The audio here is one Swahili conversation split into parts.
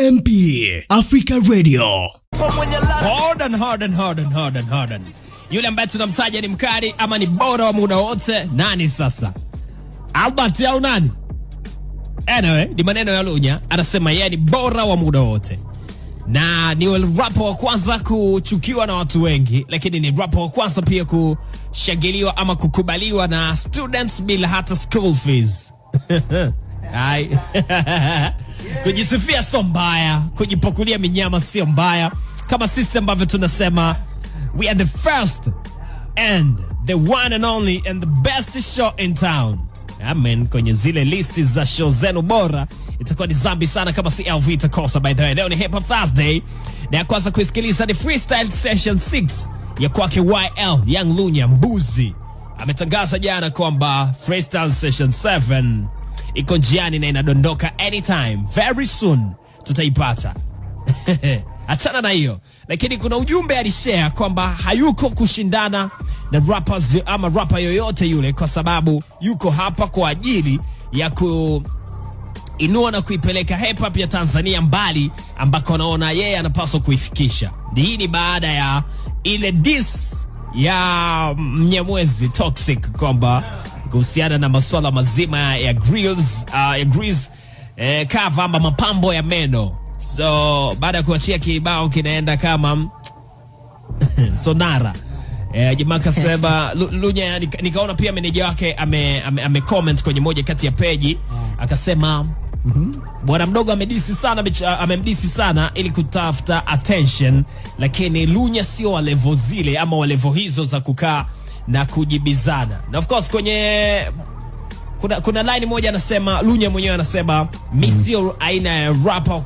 AMP Africa Radio. Hard hard and and hard and hard and hard. Yule ambaye tunamtaja ni mkali ama ni bora wa muda wote, nani sasa? Albert au nani? Anyway, ni maneno ya Lunya, anasema yeye ni bora wa muda wote na ni rapa wa kwanza kuchukiwa na watu wengi, lakini ni rapa wa kwanza pia kushangiliwa ama kukubaliwa na students bila hata school fees. Kujisifia sio mbaya, kujipakulia minyama sio mbaya, kama sisi ambavyo tunasema we are the first and the one and only and the best show in town. Amen. Kwenye zile listi za show zenu bora itakuwa ni zambi sana kama si LV itakosa. By the way, leo ni Hip Hop Thursday na ya kwanza kuisikiliza ni Freestyle Session 6 ya kwake YL Young Lunya Mbuzi. Ametangaza jana kwamba Freestyle Session 7 iko njiani na inadondoka anytime very soon tutaipata. Achana na hiyo lakini, kuna ujumbe alishare kwamba hayuko kushindana na rappers ama rapper yoyote yule, kwa sababu yuko hapa kwa ajili ya kuinua na kuipeleka hip hop ya Tanzania mbali ambako anaona yeye anapaswa kuifikisha. Hii ni baada ya ile dis ya Mnyamwezi Toxic kwamba kuhusiana na masuala mazima ya grills, uh, ya grills, eh, cover ama mapambo ya meno. So baada ya kuachia kibao kinaenda kama sonara eh, jamaa kasema Lunya, nikaona pia meneja wake ame, ame, ame comment kwenye moja kati ya peji akasema Mm -hmm. Bwana mdogo amedisi sana amemdisi sana ili kutafuta attention, lakini Lunya sio wa levo zile ama wa levo hizo za kukaa na kujibizana, na of course kwenye kuna, kuna line moja anasema Lunya mwenyewe anasema mi mm. sio mm. aina ya rapa wa,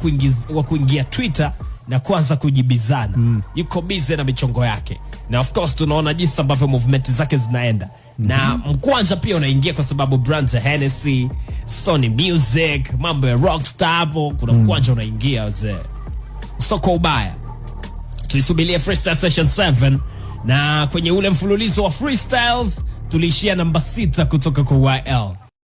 wa kuingia Twitter na kuanza kujibizana mm. yuko bize na michongo yake, na of course tunaona jinsi ambavyo movement zake zinaenda mm -hmm. na mkwanja pia unaingia kwa sababu brands ya Hennessy, Sony Music, mambo ya Rockstar hapo kuna mm. mkwanja mm. unaingia wazee, soko ubaya. tuisubilie Freestyle Session 7 na kwenye ule mfululizo wa freestyles tuliishia namba sita kutoka kwa YL.